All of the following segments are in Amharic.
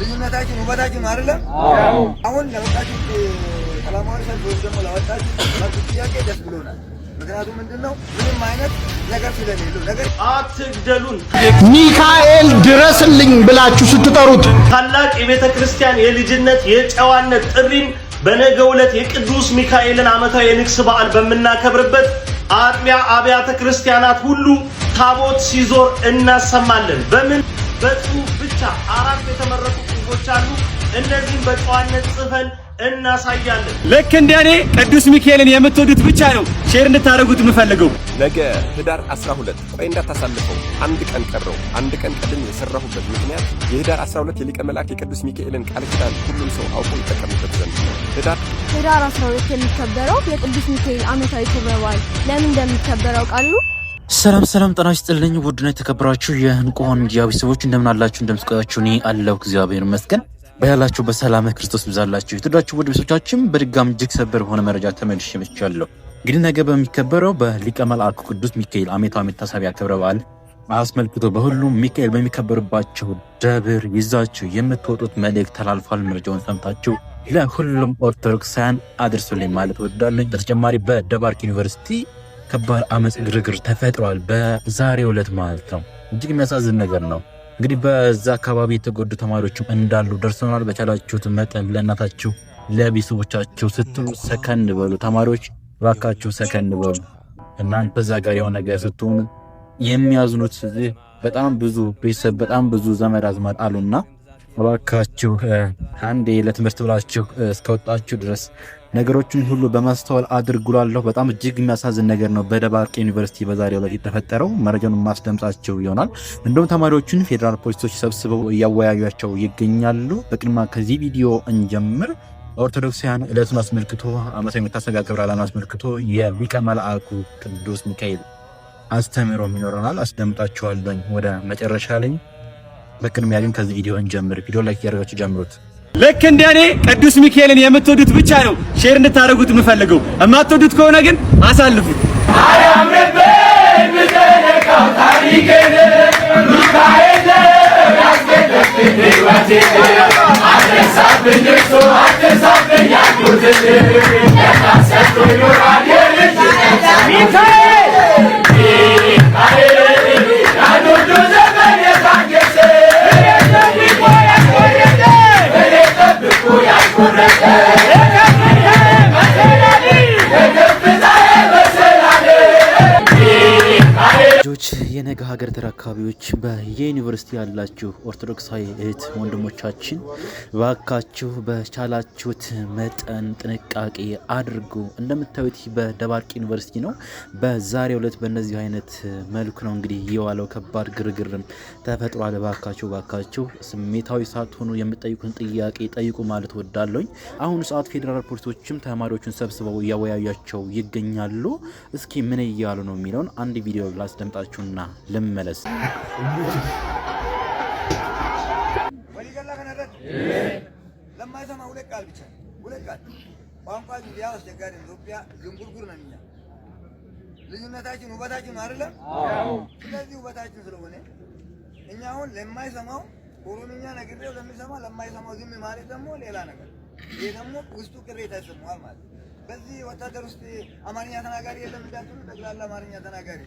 ልዩነታችን ውበታችን አይደለም። አሁን ለወጣችሁ ሰላማዊ ሰልፍ ወይም ደግሞ ለወጣችሁ ጥያቄ ደስ ብሎናል። ምንድን ነው ምንም አይነት ነገር ስለሌለው ነገር አትግደሉን፣ ሚካኤል ድረስልኝ ብላችሁ ስትጠሩት ታላቅ የቤተ ክርስቲያን የልጅነት የጨዋነት ጥሪን በነገ ዕለት የቅዱስ ሚካኤልን ዓመታዊ የንግስ በዓል በምናከብርበት አጥቢያ አብያተ ክርስቲያናት ሁሉ ታቦት ሲዞር እናሰማለን። በምን በጽሁፍ ብቻ አራት የተመረ እነዚህም በጨዋነት ጽፈን እናሳያለን። ልክ እንደ እኔ ቅዱስ ሚካኤልን የምትወዱት ብቻ ነው ሼር እንድታደርጉት የምፈልገው። ነገ ህዳር 12 ቆይ እንዳታሳልፈው፣ አንድ ቀን ቀረው። አንድ ቀን ቀድም የሰራሁበት ምክንያት የህዳር 12 የሊቀ መልአክ የቅዱስ ሚካኤልን ቃል ኪዳን ሁሉም ሰው አውቆ ይጠቀምበት ዘንድ ነው። ህዳር ህዳር 12 የሚከበረው የቅዱስ ሚካኤል አመታዊ ክብረ በዓል ለምን እንደሚከበረው ቃሉ ሰላም ሰላም ጤና ይስጥልኝ። ውድና የተከበራችሁ የዕንቁ ሚዲያ ቤተሰቦች እንደምን አላችሁ? እንደምስቀያችሁ እኔ አለሁ እግዚአብሔር ይመስገን። በያላችሁ በሰላም ክርስቶስ ብዛላችሁ የትዳችሁ ውድ ቤቶቻችን በድጋሚ እጅግ ሰበር በሆነ መረጃ ተመልሼ መጥቻለሁ። እንግዲህ ነገ በሚከበረው በሊቀ መልአኩ ቅዱስ ሚካኤል ዓመታዊ መታሰቢያ ክብረ በዓል አስመልክቶ በሁሉም ሚካኤል በሚከበርባቸው ደብር ይዛችሁ የምትወጡት መልእክት ተላልፏል። መረጃውን ሰምታችሁ ለሁሉም ኦርቶዶክሳውያን አድርሱልኝ ማለት ወዳለኝ። በተጨማሪ በደባርክ ዩኒቨርሲቲ ከባድ አመፅ ግርግር ተፈጥሯል። በዛሬው ዕለት ማለት ነው። እጅግ የሚያሳዝን ነገር ነው። እንግዲህ በዛ አካባቢ የተጎዱ ተማሪዎችም እንዳሉ ደርሰናል። በቻላችሁት መጠን ለእናታችሁ ለቤተሰቦቻችሁ ስትሉ ሰከን በሉ። ተማሪዎች እባካችሁ ሰከን በሉ። እናንተ እዛ ጋር የሆነ ነገር ስትሆኑ የሚያዝኑት በጣም ብዙ ቤተሰብ በጣም ብዙ ዘመድ አዝማድ አሉና እባካችሁ አንዴ ለትምህርት ብላችሁ እስከወጣችሁ ድረስ ነገሮችን ሁሉ በማስተዋል አድርጉላለሁ። በጣም እጅግ የሚያሳዝን ነገር ነው በደባርቅ ዩኒቨርሲቲ በዛሬው ዕለት የተፈጠረው። መረጃውን ማስደምጻቸው ይሆናል። እንደውም ተማሪዎችን ፌዴራል ፖሊሶች ሰብስበው እያወያዩቸው ይገኛሉ። በቅድማ ከዚህ ቪዲዮ እንጀምር። ኦርቶዶክሳውያን ዕለቱን አስመልክቶ ዓመታዊ መታሰቢያ ክብረ በዓሉን አስመልክቶ የሊቀ መልአኩ ቅዱስ ሚካኤል አስተምህሮም ይኖረናል። አስደምጣችኋለኝ ወደ መጨረሻ ላይ በቅድሚያ ግን ከዚህ ቪዲዮ እንጀምር። ቪዲዮ ላይክ እያደረጋችሁ ጀምሩት። ልክ እንደ እኔ ቅዱስ ሚካኤልን የምትወዱት ብቻ ነው ሼር እንድታደርጉት የምፈልገው። የማትወዱት ከሆነ ግን አሳልፉት። ሚካኤል የነገ ሀገር ተረካቢዎች በየዩኒቨርሲቲ ያላችሁ ኦርቶዶክሳዊ እህት ወንድሞቻችን ባካችሁ በቻላችሁት መጠን ጥንቃቄ አድርጉ። እንደምታዩት በደባርቅ ዩኒቨርሲቲ ነው። በዛሬው ዕለት በእነዚህ አይነት መልኩ ነው እንግዲህ የዋለው ከባድ ግርግርም ተፈጥሯል። ባካችሁ ባካችሁ ስሜታዊ ሳትሆኑ የምጠይቁን ጥያቄ ጠይቁ ማለት ወዳለኝ። አሁኑ ሰዓት ፌዴራል ፖሊሶችም ተማሪዎቹን ሰብስበው እያወያያቸው ይገኛሉ። እስኪ ምን እያሉ ነው የሚለውን አንድ ቪዲዮ ላስደምጣችሁና ልመለስ። ለማይሰማ ሁለት ቃል ብቻ ሁለት ቃል ቋንቋ ሊያ አስቸጋሪ ኢትዮጵያ ዝንጉርጉር ነው። እኛ ልዩነታችን ውበታችን አይደለም። ስለዚህ ውበታችን ስለሆነ እኛ አሁን ለማይሰማው ኦሮምኛ ነግሬው ለሚሰማ ለማይሰማው ዝም ማለት ደግሞ ሌላ ነገር፣ ይህ ደግሞ ውስጡ ቅሬታ ይሰማዋል ማለት በዚህ ወታደር ውስጥ አማርኛ ተናጋሪ የለም እንዳትሉ፣ ጠቅላላ አማርኛ ተናጋሪ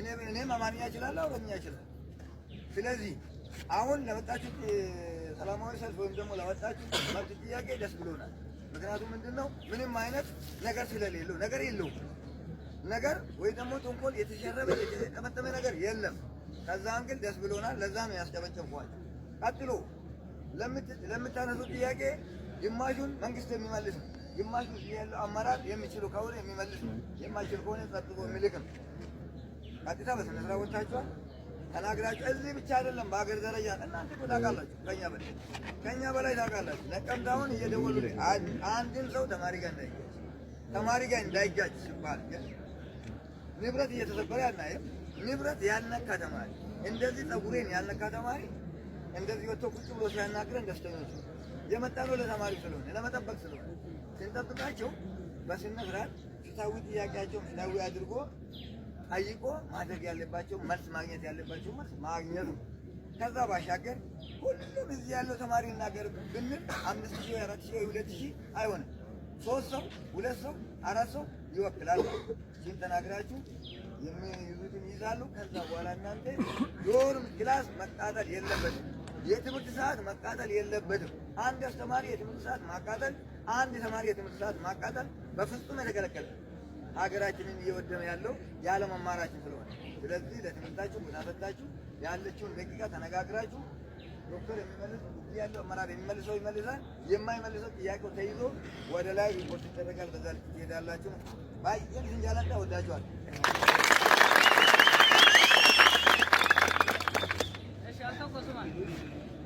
እኔም አማርኛ እችላለሁ፣ ኦሮምኛ እችላለሁ። ስለዚህ አሁን ለመጣችሁ ሰላማዊ ሰልፍ ወይም ደግሞ ለመጣችሁት መብት ጥያቄ ደስ ብሎናል። ምክንያቱም ምንድን ነው ምንም አይነት ነገር ስለሌለው ነገር የለውም ነገር ወይ ደግሞ ጥንቆል የተሸረበ የተጠመጠመ ነገር የለም። ከዛም ግን ደስ ብሎናል። ለዛ ያስጨበጨብኳቸው። ቀጥሎ ለምታነሱ ጥያቄ ግማሹን መንግስት የሚመልስ ነው፣ ግማሹ ያለው አመራር የሚችሉ ከሆነ የሚመልስ ነው፣ የማይችል ከሆነ ጸጥቶ የሚልክ ነው። ቀጥታ በስነ ስርዓት ወጥታችኋል ተናግራችሁ እዚህ ብቻ አይደለም፣ በሀገር ደረጃ እናንተ እኮ ታውቃላችሁ፣ ከኛ በላይ ከኛ በላይ ታውቃላችሁ። ነቀምት እየደወሉ አንድን ሰው ተማሪ ጋር እንዳይጋጭ ተማሪ ጋር እንዳይጋጭ ሲባል ንብረት እየተሰበረ ያናየም ንብረት ያልነካ ተማሪ እንደዚህ ጸጉሬን ያልነካ ተማሪ እንደዚህ ወጥቶ ቁጭ ብሎ ሲያናግረን ደስተኞች የመጣ ነው ለተማሪ ስለሆነ ለመጠበቅ ስለሆነ ስንጠብቃቸው በስነ ስርዓት ፍትሃዊ ጥያቄያቸው ፍትሃዊ አድርጎ ጠይቆ ማድረግ ያለባቸው መልስ ማግኘት ያለባቸው መልስ ማግኘት ነው። ከዛ ባሻገር ሁሉም እዚህ ያለው ተማሪ እናገር ብንል አምስት ሺህ አራት ሺህ ሁለት ሺህ አይሆንም። ሶስት ሰው ሁለት ሰው አራት ሰው ይወክላሉ ይህን ተናግራችሁ የሚይዙትን ይይዛሉ። ከዛ በኋላ እናንተ ዶር ክላስ መቃጠል የለበትም። የትምህርት ሰዓት መቃጠል የለበትም። አንድ አስተማሪ የትምህርት ሰዓት ማቃጠል፣ አንድ ተማሪ የትምህርት ሰዓት ማቃጠል በፍጹም የተከለከለ ሀገራችንን እየወደመ ያለው ያለ መማራችን ስለሆነ፣ ስለዚህ ለትምህርታችሁ ምናፈታችሁ ያለችውን ደቂቃ ተነጋግራችሁ ዶክተር የሚመልስ እዚህ ያለው አመራር የሚመልሰው ይመልሳል። የማይመልሰው ጥያቄው ተይዞ ወደ ላይ ሪፖርት ይደረጋል። በዛ ልክ ትሄዳላችሁ። ባየን ዝንጃላንዳ ወዳችኋል።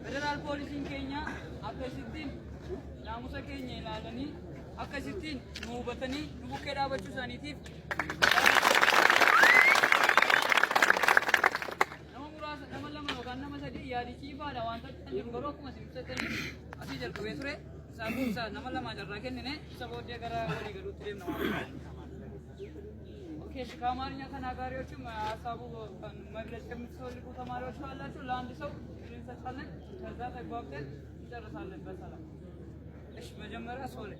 ፌደራል ፖሊሲን ኬኛ አበሲቲን ናሙሰ ኬኛ ይላለኒ akkasittiin nu hubatanii nu bukkee dhaabachuu isaaniitiif nama muraasa nama lama yookaan nama sadii yaadi ciifaadha waan ta'an jiru garuu akkuma isin ibsatanii asii jalqabee ture isaan kun isaa nama lamaa jarraa kennine isa booddee gara walii galuutti deemna ኦኬ ከአማርኛ ተናጋሪዎችም ሀሳቡ መግለጽ የምትፈልጉ ተማሪዎች ካላችሁ ለአንድ ሰው እንሰጣለን። ከዛ ተግባብተን እንጨርሳለን በሰላም። እሺ መጀመሪያ ሶሌ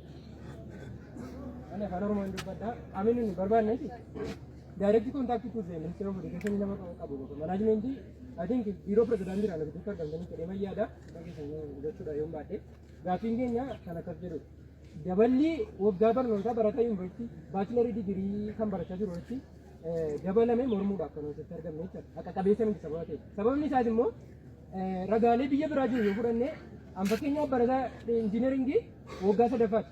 directly contact तुझे minister of education in काबू management ji I think बिरो प्रेसिडांट दिला लागतो का गंगणी कडे मग यादा मगे सांगू उदचू दा येऊन बाटे गापिंग गे ना खाना कर जरूर डबलली ओबगाबर नोटा बराता यूनिवर्सिटी बैचलर डिग्री खम बराता जरूर होती ደበለሜ ሞርሙ ዳከኖ ሰተር ገመ ይቻል አቃ ቀቤሰ ምን ሰበበቴ ሰበብኒ ሳይድሞ ረጋሌ ብየ ብራጁ ይሁረኔ አንፈከኛ በረጋ ኢንጂነሪንግ ወጋ ተደፋት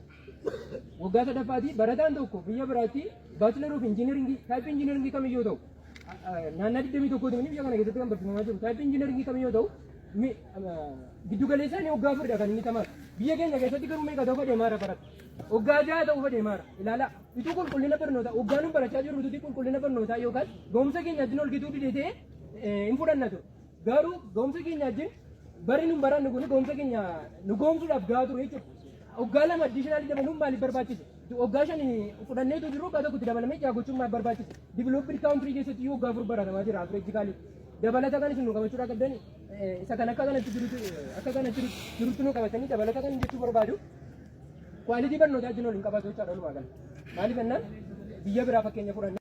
ወጋተ ደፋቲ በረታን tokko biyya biraatti baachileer of injiinaringii taayipi injiinaringii kamiyyuu ta'u naannaa 20 tokkooti mini biyya kana keessatti kan barsiifamaa jiru taayipi injiinaringii kamiyyuu ta'u giddugaleessaa ni waggaa afuridha kan inni tamaatu biyya keenya keessatti garuu meeqa ta'u fedhee maara barata waggaa jaha ta'u fedhee maara ilaala utuu qulqullina barnootaa waggaa nuun barachaa jirru utuu qulqullina barnootaa yookaan gahumsa keenya ajjin ol gituu didetee hin fudhanna ture garuu gahumsa keenya ajjin bari nuun barannu kun gahumsa keenya nu gahumsuudhaaf gahaa ture jechuudha Hoggaa lama addiishinaali dabaluun maaliif barbaachise? Hoggaa shan fudhanneetu jiru hoggaa tokkotti dabalamee jaagochuun maal barbaachise? Divilooppiri kaawuntirii keessatti iyyuu hoggaa afur baratamaa jira afreejikaalii. Dabalata kanis nu qabachuudha qabdan isa kan akka kanatti jirutu akka kanatti jirutu nu qabatanii dabalata kan jechuu barbaadu. Kwaaliti barnootaa jiru waliin qabaatu jechaadha walumaa gala. Maaliif ennaan biyya biraa fakkeenya fudhanne.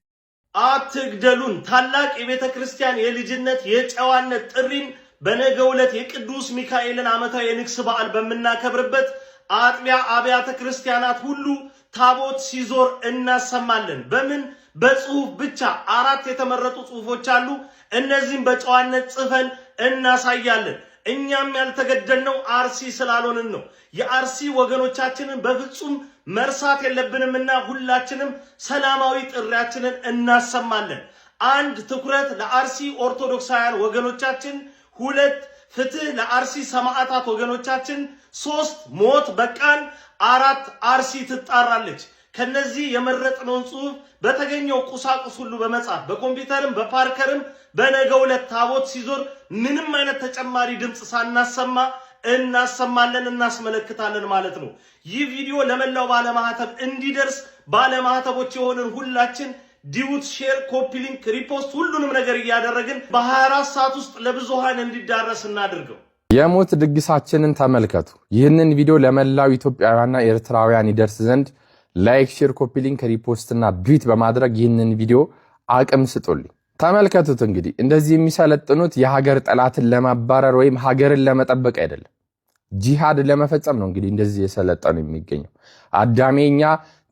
አትግደሉን! ታላቅ የቤተ ክርስቲያን የልጅነት የጨዋነት ጥሪን በነገው ዕለት የቅዱስ ሚካኤልን ዓመታዊ የንግስ በዓል በምናከብርበት አጥቢያ አብያተ ክርስቲያናት ሁሉ ታቦት ሲዞር እናሰማለን። በምን በጽሁፍ ብቻ አራት የተመረጡ ጽሁፎች አሉ። እነዚህም በጨዋነት ጽፈን እናሳያለን። እኛም ያልተገደልነው አርሲ ስላልሆንን ነው። የአርሲ ወገኖቻችንን በፍጹም መርሳት የለብንምና ሁላችንም ሰላማዊ ጥሪያችንን እናሰማለን። አንድ ትኩረት ለአርሲ ኦርቶዶክሳውያን ወገኖቻችን፣ ሁለት ፍትህ ለአርሲ ሰማዕታት ወገኖቻችን፣ ሶስት ሞት በቃን፣ አራት አርሲ ትጣራለች። ከነዚህ የመረጥነውን ጽሁፍ በተገኘው ቁሳቁስ ሁሉ በመጻፍ በኮምፒውተርም በፓርከርም በነገው ዕለት ታቦት ሲዞር ምንም አይነት ተጨማሪ ድምፅ ሳናሰማ እናሰማለን እናስመለክታለን ማለት ነው። ይህ ቪዲዮ ለመላው ባለማህተብ እንዲደርስ ባለማህተቦች የሆንን ሁላችን ዲቡት፣ ሼር፣ ኮፒ ሊንክ፣ ሪፖስት ሁሉንም ነገር እያደረግን በ24 ሰዓት ውስጥ ለብዙሃን እንዲዳረስ እናድርገው። የሞት ድግሳችንን ተመልከቱ። ይህንን ቪዲዮ ለመላው ኢትዮጵያውያንና ኤርትራውያን ይደርስ ዘንድ ላይክ፣ ሼር፣ ኮፒ ሊንክ፣ ሪፖስት እና ቢዩት በማድረግ ይህንን ቪዲዮ አቅም ስጡልኝ። ተመልከቱት እንግዲህ እንደዚህ የሚሰለጥኑት የሀገር ጠላትን ለማባረር ወይም ሀገርን ለመጠበቅ አይደለም፣ ጂሃድ ለመፈጸም ነው። እንግዲህ እንደዚህ የሰለጠኑ የሚገኘው አዳሜኛ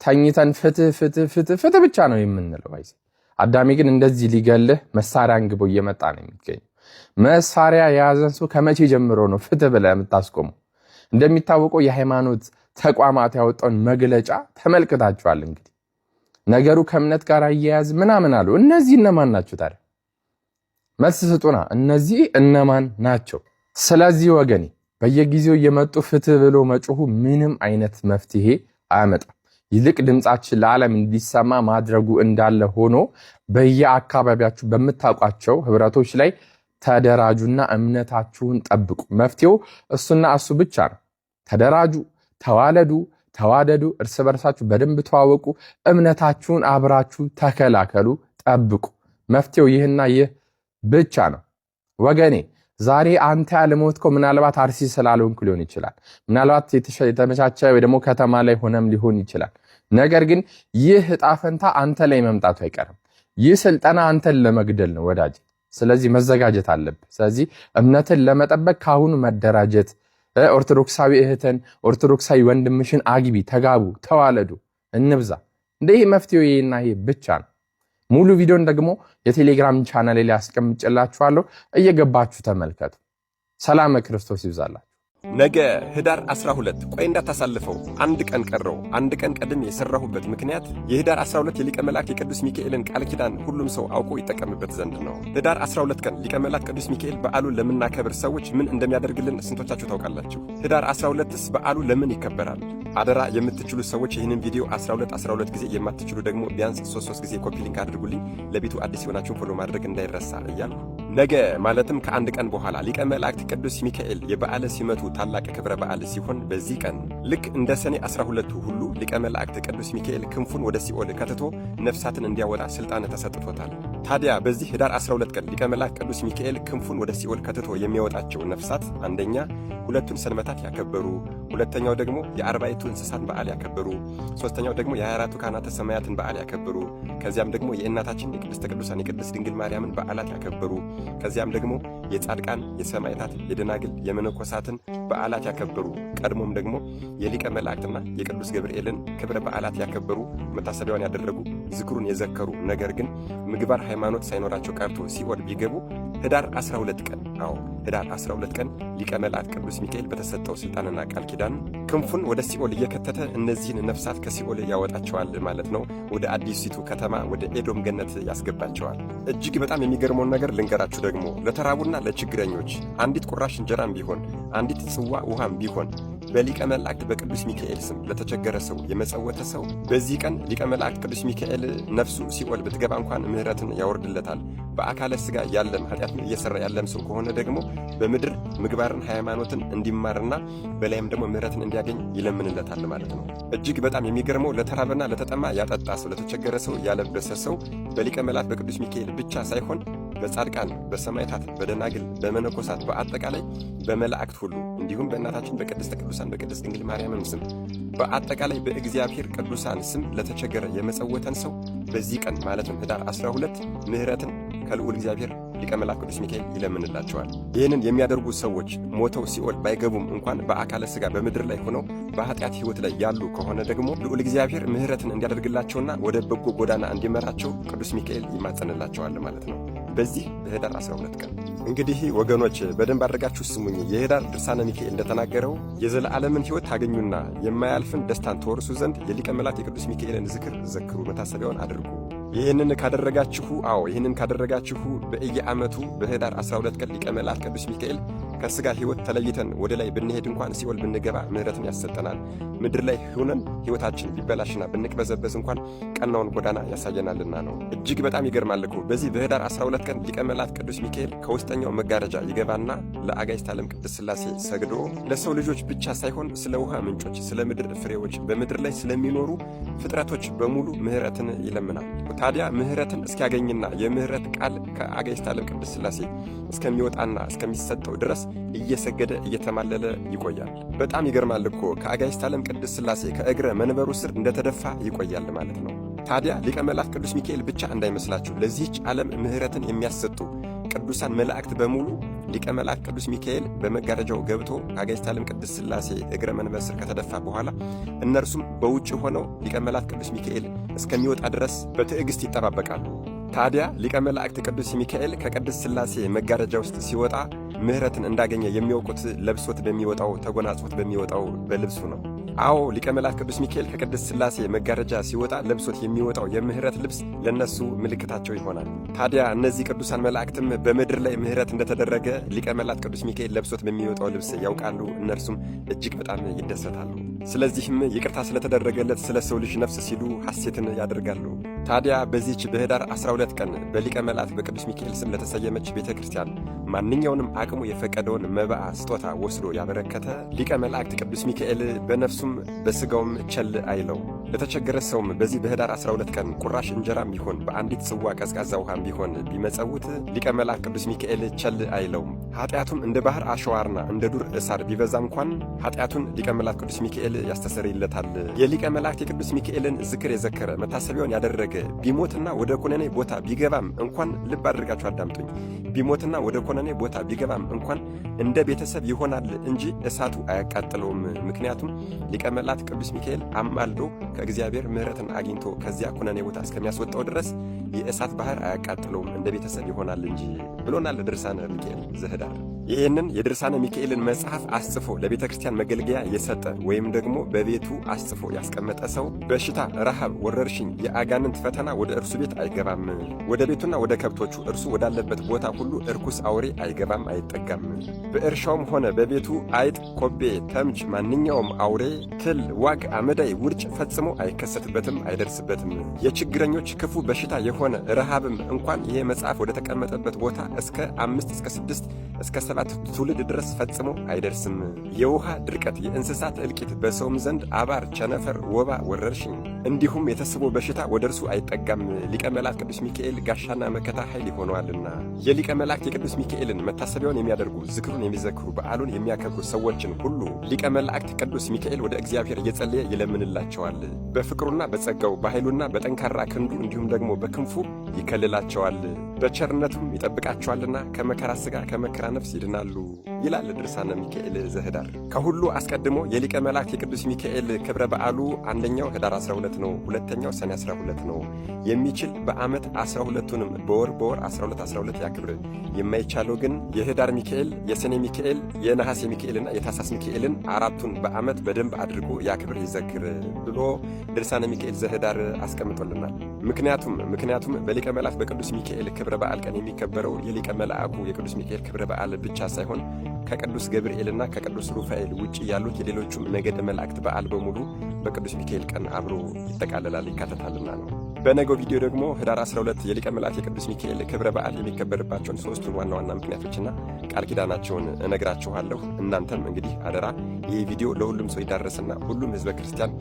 ተኝተን ፍትህ ፍትህ ፍትህ ፍትህ ብቻ ነው የምንለው። ይዘ አዳሜ ግን እንደዚህ ሊገልህ መሳሪያ እንግቦ እየመጣ ነው የሚገኘው። መሳሪያ የያዘን ሰው ከመቼ ጀምሮ ነው ፍትህ ብለህ የምታስቆመው? እንደሚታወቀው የሃይማኖት ተቋማት ያወጣውን መግለጫ ተመልክታችኋል። እንግዲህ ነገሩ ከእምነት ጋር አያያዝ ምናምን አሉ። እነዚህ እነማን ናቸው ታዲያ? መልስ ስጡና፣ እነዚህ እነማን ናቸው? ስለዚህ ወገኔ በየጊዜው እየመጡ ፍትህ ብሎ መጮሁ ምንም አይነት መፍትሄ አያመጣም። ይልቅ ድምፃችን ለዓለም እንዲሰማ ማድረጉ እንዳለ ሆኖ በየአካባቢያችሁ በምታውቋቸው ህብረቶች ላይ ተደራጁና እምነታችሁን ጠብቁ። መፍትሄው እሱና እሱ ብቻ ነው። ተደራጁ፣ ተዋለዱ፣ ተዋደዱ፣ እርስ በርሳችሁ በደንብ ተዋወቁ፣ እምነታችሁን አብራችሁ ተከላከሉ፣ ጠብቁ። መፍትሄው ይህና ይህ ብቻ ነው ወገኔ። ዛሬ አንተ ያልሞትከው ምናልባት አርሲ ስላልሆንክ ሊሆን ይችላል። ምናልባት የተመቻቸ ወይ ደግሞ ከተማ ላይ ሆነም ሊሆን ይችላል። ነገር ግን ይህ እጣ ፈንታ አንተ ላይ መምጣቱ አይቀርም። ይህ ስልጠና አንተን ለመግደል ነው ወዳጅ። ስለዚህ መዘጋጀት አለብህ። ስለዚህ እምነትን ለመጠበቅ ከአሁኑ መደራጀት፣ ኦርቶዶክሳዊ እህትን ኦርቶዶክሳዊ ወንድምሽን አግቢ፣ ተጋቡ፣ ተዋለዱ፣ እንብዛ። እንደ ይህ መፍትሄ ይሄና ይሄ ብቻ ነው። ሙሉ ቪዲዮን ደግሞ የቴሌግራም ቻናል ላይ አስቀምጬላችኋለሁ። እየገባችሁ ተመልከቱ። ሰላም ክርስቶስ ይብዛላችሁ። ነገ ህዳር 12 ቆይ እንዳታሳልፈው፣ አንድ ቀን ቀረው። አንድ ቀን ቀድሜ የሰራሁበት ምክንያት የህዳር 12 የሊቀ መልአክ የቅዱስ ሚካኤልን ቃል ኪዳን ሁሉም ሰው አውቆ ይጠቀምበት ዘንድ ነው። ህዳር 12 ቀን ሊቀ መልአክ ቅዱስ ሚካኤል በዓሉን ለምናከብር ሰዎች ምን እንደሚያደርግልን ስንቶቻችሁ ታውቃላችሁ? ህዳር 12ስ በዓሉ ለምን ይከበራል? አደራ የምትችሉ ሰዎች ይህንን ቪዲዮ 12 12 ጊዜ የማትችሉ ደግሞ ቢያንስ 33 ጊዜ ኮፒ ሊንክ አድርጉልኝ። ለቤቱ አዲስ የሆናችሁን ፎሎ ማድረግ እንዳይረሳ እያልኩ ነገ ማለትም ከአንድ ቀን በኋላ ሊቀ መላእክት ቅዱስ ሚካኤል የበዓለ ሲመቱ ታላቅ ክብረ በዓል ሲሆን በዚህ ቀን ልክ እንደ ሰኔ 12 ሁሉ ሊቀ መላእክት ቅዱስ ሚካኤል ክንፉን ወደ ሲኦል ከትቶ ነፍሳትን እንዲያወጣ ስልጣን ተሰጥቶታል። ታዲያ በዚህ ህዳር 12 ቀን ሊቀ መላእክት ቅዱስ ሚካኤል ክንፉን ወደ ሲኦል ከትቶ የሚያወጣቸው ነፍሳት አንደኛ ሁለቱን ሰንበታት ያከበሩ፣ ሁለተኛው ደግሞ የአርባይቱ እንስሳት በዓል ያከበሩ፣ ሶስተኛው ደግሞ የአራቱ ካህናተ ሰማያትን በዓል ያከበሩ፣ ከዚያም ደግሞ የእናታችን የቅድስተ ቅዱሳን የቅድስት ድንግል ማርያምን በዓላት ያከበሩ፣ ከዚያም ደግሞ የጻድቃን የሰማዕታት የደናግል የመነኮሳትን በዓላት ያከበሩ፣ ቀድሞም ደግሞ የሊቀ መላእክትና የቅዱስ ገብርኤልን ክብረ በዓላት ያከበሩ፣ መታሰቢያውን ያደረጉ፣ ዝክሩን የዘከሩ ነገር ግን ምግባር ሃይማኖት ሳይኖራቸው ቀርቶ ሲኦል ቢገቡ ህዳር 12 ቀን አዎ ህዳር 12 ቀን ሊቀ መላእክት ቅዱስ ሚካኤል በተሰጠው ሥልጣንና ቃል ኪዳን ክንፉን ወደ ሲኦል እየከተተ እነዚህን ነፍሳት ከሲኦል ያወጣቸዋል ማለት ነው። ወደ አዲሲቱ ከተማ ወደ ኤዶም ገነት ያስገባቸዋል። እጅግ በጣም የሚገርመውን ነገር ልንገራችሁ ደግሞ ለተራቡና ለችግረኞች አንዲት ቁራሽ እንጀራም ቢሆን አንዲት ጽዋ ውሃም ቢሆን በሊቀ መላእክት በቅዱስ ሚካኤል ስም ለተቸገረ ሰው የመጸወተ ሰው በዚህ ቀን ሊቀ መላእክት ቅዱስ ሚካኤል ነፍሱ ሲኦል ብትገባ እንኳን ምሕረትን ያወርድለታል። በአካለ ሥጋ ያለም ኃጢአትን እየሠራ ያለም ሰው ከሆነ ደግሞ በምድር ምግባርን፣ ሃይማኖትን እንዲማርና በላይም ደግሞ ምሕረትን እንዲያገኝ ይለምንለታል ማለት ነው። እጅግ በጣም የሚገርመው ለተራበና ለተጠማ ያጠጣ ሰው፣ ለተቸገረ ሰው ያለበሰ ሰው በሊቀ መላእክት በቅዱስ ሚካኤል ብቻ ሳይሆን በጻድቃን፣ በሰማዕታት፣ በደናግል፣ በመነኮሳት በአጠቃላይ በመላእክት ሁሉ እንዲሁም በእናታችን በቅድስተ ቅዱሳን በቅድስት ድንግል ማርያምም ስም በአጠቃላይ በእግዚአብሔር ቅዱሳን ስም ለተቸገረ የመጸወተን ሰው በዚህ ቀን ማለትም ህዳር 12 ምህረትን ከልዑል እግዚአብሔር ሊቀ መልአክ ቅዱስ ሚካኤል ይለምንላቸዋል። ይህንን የሚያደርጉ ሰዎች ሞተው ሲኦል ባይገቡም እንኳን በአካለ ሥጋ በምድር ላይ ሆነው በኃጢአት ሕይወት ላይ ያሉ ከሆነ ደግሞ ልዑል እግዚአብሔር ምህረትን እንዲያደርግላቸውና ወደ በጎ ጎዳና እንዲመራቸው ቅዱስ ሚካኤል ይማጸንላቸዋል ማለት ነው። በዚህ በህዳር 12 ቀን እንግዲህ ወገኖች በደንብ አድርጋችሁ ስሙኝ። የህዳር ድርሳነ ሚካኤል እንደተናገረው የዘላለምን ህይወት ታገኙና የማያልፍን ደስታን ተወርሱ ዘንድ የሊቀ መላእክት የቅዱስ ሚካኤልን ዝክር ዘክሩ፣ መታሰቢያውን አድርጉ። ይህንን ካደረጋችሁ አዎ፣ ይህንን ካደረጋችሁ በየዓመቱ በህዳር 12 ቀን ሊቀ መላእክት ቅዱስ ሚካኤል ከስጋ ህይወት ተለይተን ወደ ላይ ብንሄድ እንኳን ሲኦል ብንገባ ምህረትን ያሰጠናል። ምድር ላይ ሆነን ህይወታችን ቢበላሽና ብንቅበዘበዝ እንኳን ቀናውን ጎዳና ያሳየናልና ነው። እጅግ በጣም ይገርማል እኮ በዚህ በህዳር 12 ቀን ሊቀ መላእክት ቅዱስ ሚካኤል ከውስጠኛው መጋረጃ ይገባና ለአጋዕዝተ ዓለም ቅድስት ስላሴ ሰግዶ ለሰው ልጆች ብቻ ሳይሆን ስለ ውሃ ምንጮች፣ ስለ ምድር ፍሬዎች፣ በምድር ላይ ስለሚኖሩ ፍጥረቶች በሙሉ ምህረትን ይለምናል። ታዲያ ምህረትን እስኪያገኝና የምህረት ቃል ከአጋዕዝተ ዓለም ቅድስት ስላሴ እስከሚወጣና እስከሚሰጠው ድረስ እየሰገደ እየተማለለ ይቆያል። በጣም ይገርማል እኮ ከአጋዕዝተ ዓለም ቅድስት ሥላሴ ከእግረ መንበሩ ስር እንደተደፋ ይቆያል ማለት ነው። ታዲያ ሊቀ መላእክት ቅዱስ ሚካኤል ብቻ እንዳይመስላችሁ። ለዚህች ዓለም ምሕረትን የሚያሰጡ ቅዱሳን መላእክት በሙሉ ሊቀ መልአክ ቅዱስ ሚካኤል በመጋረጃው ገብቶ ከአጋዕዝተ ዓለም ቅድስት ሥላሴ እግረ መንበር ስር ከተደፋ በኋላ እነርሱም በውጭ ሆነው ሊቀ መልአክ ቅዱስ ሚካኤል እስከሚወጣ ድረስ በትዕግሥት ይጠባበቃሉ። ታዲያ ሊቀ መላእክት ቅዱስ ሚካኤል ከቅድስት ሥላሴ መጋረጃ ውስጥ ሲወጣ ምሕረትን እንዳገኘ የሚያውቁት ለብሶት በሚወጣው ተጎናጽፎት በሚወጣው በልብሱ ነው። አዎ ሊቀ መላእክት ቅዱስ ሚካኤል ከቅድስት ሥላሴ መጋረጃ ሲወጣ ለብሶት የሚወጣው የምሕረት ልብስ ለእነሱ ምልክታቸው ይሆናል። ታዲያ እነዚህ ቅዱሳን መላእክትም በምድር ላይ ምሕረት እንደተደረገ ሊቀ መላእክት ቅዱስ ሚካኤል ለብሶት በሚወጣው ልብስ ያውቃሉ። እነርሱም እጅግ በጣም ይደሰታሉ። ስለዚህም ይቅርታ ስለተደረገለት ስለ ሰው ልጅ ነፍስ ሲሉ ሐሴትን ያደርጋሉ። ታዲያ በዚህች በህዳር 12 ቀን በሊቀ መላእክት በቅዱስ ሚካኤል ስም ለተሰየመች ቤተ ክርስቲያን ማንኛውንም አቅሙ የፈቀደውን መባዓ ስጦታ ወስዶ ያበረከተ ሊቀ መላእክት ቅዱስ ሚካኤል በነፍሱም በሥጋውም ቸል አይለው። ለተቸገረ ሰውም በዚህ በህዳር 12 ቀን ቁራሽ እንጀራም ቢሆን በአንዲት ጽዋ ቀዝቃዛ ውሃም ቢሆን ቢመጸውት ሊቀ ቅዱስ ሚካኤል ቸል አይለውም። ኃጢአቱም እንደ ባህር አሸዋርና እንደ ዱር እሳር ቢበዛ እንኳን ኃጢአቱን ሊቀ ቅዱስ ሚካኤል ያስተሰርይለታል። የሊቀ መላእክት የቅዱስ ሚካኤልን ዝክር የዘከረ መታሰቢያውን ያደረገ ቢሞትና ወደ ኮነኔ ቦታ ቢገባም እንኳን ልብ አድርጋችሁ አዳምጡኝ። ቢሞትና ወደ ኮነኔ ቦታ ቢገባም እንኳን እንደ ቤተሰብ ይሆናል እንጂ እሳቱ አያቃጥለውም። ምክንያቱም ሊቀ መላእክት ቅዱስ ሚካኤል አማልዶ እግዚአብሔር ምሕረትን አግኝቶ ከዚያ ኩነኔ ቦታ እስከሚያስወጣው ድረስ የእሳት ባህር አያቃጥለውም እንደ ቤተሰብ ይሆናል እንጂ ብሎናል ድርሳነ ሚካኤል ዘህዳር ይህንን የድርሳነ ሚካኤልን መጽሐፍ አስጽፎ ለቤተ ክርስቲያን መገልገያ የሰጠ ወይም ደግሞ በቤቱ አስጽፎ ያስቀመጠ ሰው በሽታ፣ ረሃብ፣ ወረርሽኝ፣ የአጋንንት ፈተና ወደ እርሱ ቤት አይገባም። ወደ ቤቱና ወደ ከብቶቹ እርሱ ወዳለበት ቦታ ሁሉ እርኩስ አውሬ አይገባም አይጠጋም። በእርሻውም ሆነ በቤቱ አይጥ፣ ኮቤ፣ ተምች፣ ማንኛውም አውሬ፣ ትል፣ ዋግ፣ አመዳይ፣ ውርጭ ፈጽሞ አይከሰትበትም አይደርስበትም። የችግረኞች ክፉ በሽታ የሆነ ረሃብም እንኳን ይሄ መጽሐፍ ወደ ተቀመጠበት ቦታ እስከ አምስት እስከ ስድስት እስከ ሰባት ትውልድ ድረስ ፈጽሞ አይደርስም። የውሃ ድርቀት፣ የእንስሳት እልቂት፣ በሰውም ዘንድ አባር፣ ቸነፈር፣ ወባ፣ ወረርሽኝ እንዲሁም የተስቡ በሽታ ወደ እርሱ አይጠጋም። ሊቀ መላእክት ቅዱስ ሚካኤል ጋሻና መከታ ኃይል ይሆነዋልና። የሊቀ መላእክት የቅዱስ ሚካኤልን መታሰቢያውን የሚያደርጉ ዝክሩን የሚዘክሩ በዓሉን የሚያከብሩ ሰዎችን ሁሉ ሊቀ መላእክት ቅዱስ ሚካኤል ወደ እግዚአብሔር እየጸለየ ይለምንላቸዋል። በፍቅሩና በጸጋው በኃይሉና በጠንካራ ክንዱ እንዲሁም ደግሞ በክንፉ ይከልላቸዋል። በቸርነቱም ይጠብቃቸዋልና ከመከራ ሥጋ ከመከራ ነፍስ ይድናሉ ይላል ድርሳነ ሚካኤል ዘህዳር። ከሁሉ አስቀድሞ የሊቀ መላእክት የቅዱስ ሚካኤል ክብረ በዓሉ አንደኛው ህዳር 12 12 ነው። ሁለተኛው ሰኔ 12 ነው። የሚችል በዓመት 12ቱንም በወር በወር 12 12 ያክብር። የማይቻለው ግን የህዳር ሚካኤል፣ የሰኔ ሚካኤል፣ የነሐሴ ሚካኤልና የታሳስ ሚካኤልን አራቱን በዓመት በደንብ አድርጎ ያክብር፣ ይዘክር ብሎ ድርሳነ ሚካኤል ዘህዳር አስቀምጦልናል። ምክንያቱም ምክንያቱም በሊቀ መላእክት በቅዱስ ሚካኤል ክብረ በዓል ቀን የሚከበረው የሊቀ መልአኩ የቅዱስ ሚካኤል ክብረ በዓል ብቻ ሳይሆን ከቅዱስ ገብርኤልና ከቅዱስ ሩፋኤል ውጭ ያሉት የሌሎቹም ነገደ መላእክት በዓል በሙሉ በቅዱስ ሚካኤል ቀን አብሮ ይጠቃለላል ይካተታልና ነው። በነገው ቪዲዮ ደግሞ ህዳር 12 የሊቀ መልአክ የቅዱስ ሚካኤል ክብረ በዓል የሚከበርባቸውን ሶስቱ ዋና ዋና ምክንያቶችና ቃል ኪዳናቸውን እነግራችኋለሁ። እናንተም እንግዲህ አደራ ይህ ቪዲዮ ለሁሉም ሰው ይዳረስና ሁሉም ህዝበ ክርስቲያን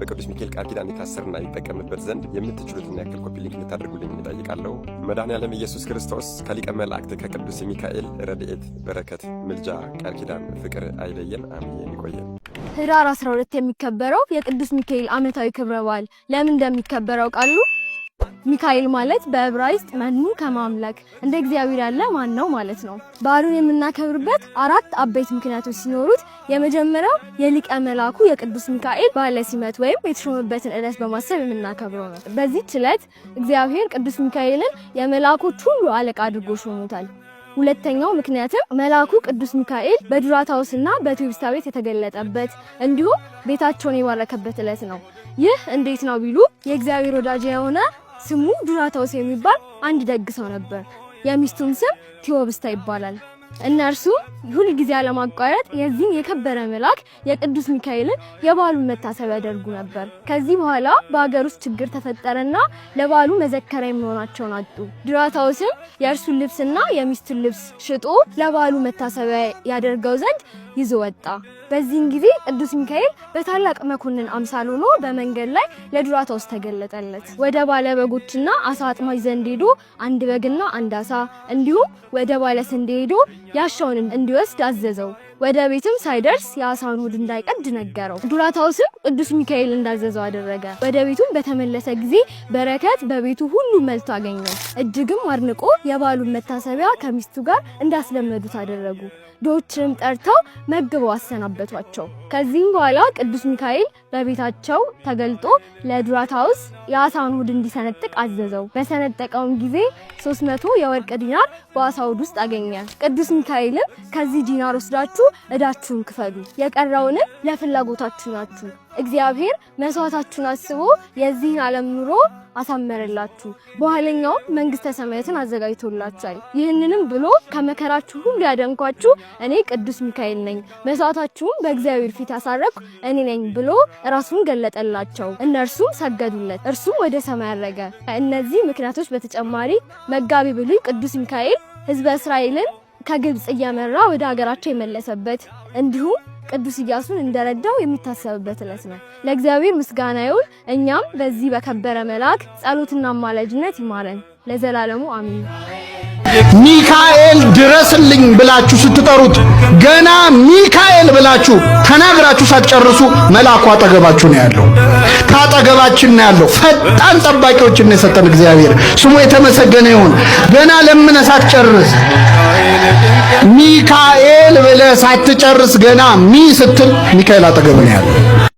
በቅዱስ ሚካኤል ቃል ኪዳን የታሰርና ይጠቀምበት ዘንድ የምትችሉትን ያክል ኮፒ ሊንክ ልታደርጉልኝ እንጠይቃለሁ። መድኃኔ ኢየሱስ ክርስቶስ ከሊቀ መላእክት ከቅዱስ ሚካኤል ረድኤት፣ በረከት፣ ምልጃ፣ ቃል ኪዳን፣ ፍቅር አይለየን። አሜን። ይቆየን። ህዳር 12 የሚከበረው የቅዱስ ሚካኤል ዓመታዊ ክብረ በዓል ለምን እንደሚከበረው ቃሉ ሚካኤል ማለት በዕብራይስጥ መኑ ከማምለክ እንደ እግዚአብሔር ያለ ማን ነው ማለት ነው። በዓሉን የምናከብርበት አራት አበይት ምክንያቶች ሲኖሩት የመጀመሪያው የሊቀ መላኩ የቅዱስ ሚካኤል በዓለ ሲመት ወይም የተሾመበትን ዕለት በማሰብ የምናከብረው ነው። በዚህች ዕለት እግዚአብሔር ቅዱስ ሚካኤልን የመላኮች ሁሉ አለቃ አድርጎ ሾሞታል። ሁለተኛው ምክንያትም መልአኩ ቅዱስ ሚካኤል በዱራታውስና በትውስታ ቤት የተገለጠበት እንዲሁም ቤታቸውን የባረከበት ዕለት ነው። ይህ እንዴት ነው ቢሉ የእግዚአብሔር ወዳጅ የሆነ ስሙ ዱራታውስ የሚባል አንድ ደግ ሰው ነበር። የሚስቱም ስም ቴዎብስታ ይባላል። እነርሱ ሁል ጊዜ ያለማቋረጥ የዚህን የከበረ መልአክ የቅዱስ ሚካኤልን የበዓሉን መታሰብ ያደርጉ ነበር። ከዚህ በኋላ በሀገር ውስጥ ችግር ተፈጠረና ለበዓሉ መዘከሪያ የሚሆናቸውን አጡ። ድራታውስም የእርሱን ልብስና የሚስቱን ልብስ ሽጦ ለበዓሉ መታሰቢያ ያደርገው ዘንድ ይዞ ወጣ። በዚህን ጊዜ ቅዱስ ሚካኤል በታላቅ መኮንን አምሳል ሆኖ በመንገድ ላይ ለዱራታ ውስጥ ተገለጠለት። ወደ ባለ በጎችና አሳ አጥማጅ ዘንድ ሄዶ አንድ በግና አንድ አሳ እንዲሁም ወደ ባለ ስንዴ ሄዶ ያሻውን እንዲወስድ አዘዘው። ወደ ቤትም ሳይደርስ የአሳውን ሆድ እንዳይቀድ ነገረው። ዱራታውስም ቅዱስ ሚካኤል እንዳዘዘው አደረገ። ወደ ቤቱም በተመለሰ ጊዜ በረከት በቤቱ ሁሉ መልቶ አገኘው። እጅግም አድንቆ የበዓሉን መታሰቢያ ከሚስቱ ጋር እንዳስለመዱት አደረጉ። ዶችንም ጠርተው መግበው አሰናበቷቸው። ከዚህም በኋላ ቅዱስ ሚካኤል በቤታቸው ተገልጦ ለዱራታውስ የአሳውን ሆድ እንዲሰነጥቅ አዘዘው። በሰነጠቀውም ጊዜ 300 የወርቅ ዲናር በአሳውድ ውስጥ አገኘ። ቅዱስ ሚካኤልም ከዚህ ዲናር ወስዳችሁ እዳችሁን ክፈሉ፣ የቀረውንም ለፍላጎታችሁ ናችሁ። እግዚአብሔር መስዋዕታችሁን አስቦ የዚህን ዓለም ኑሮ አሳመረላችሁ፣ በኋለኛውም መንግሥተ ሰማያትን አዘጋጅቶላችኋል። ይህንንም ብሎ ከመከራችሁ ሁሉ ያደንኳችሁ እኔ ቅዱስ ሚካኤል ነኝ፣ መስዋዕታችሁም በእግዚአብሔር ፊት ያሳረግኩ እኔ ነኝ ብሎ ራሱን ገለጠላቸው። እነርሱም ሰገዱለት፣ እርሱም ወደ ሰማይ አረገ። እነዚህ ምክንያቶች በተጨማሪ መጋቢ ብሉይ ቅዱስ ሚካኤል ሕዝበ እስራኤልን ከግብጽ እየመራ ወደ ሀገራቸው የመለሰበት እንዲሁም ቅዱስ ኢያሱን እንደረዳው የሚታሰብበት ዕለት ነው። ለእግዚአብሔር ምስጋና ይሁን። እኛም በዚህ በከበረ መልአክ ጸሎትና አማላጅነት ይማረን ለዘላለሙ አሚን። ሚካኤል ድረስልኝ ብላችሁ ስትጠሩት ገና ሚካኤል ብላችሁ ተናግራችሁ ሳትጨርሱ መልአኩ አጠገባችሁ ነው ያለው፣ ካጠገባችን ነው ያለው። ፈጣን ጠባቂዎችን የሰጠን እግዚአብሔር ስሙ የተመሰገነ ይሁን። ገና ለምነ ሳትጨርስ ሚካኤል ብለህ ሳትጨርስ ገና ሚ ስትል ሚካኤል አጠገብ ነው ያለው።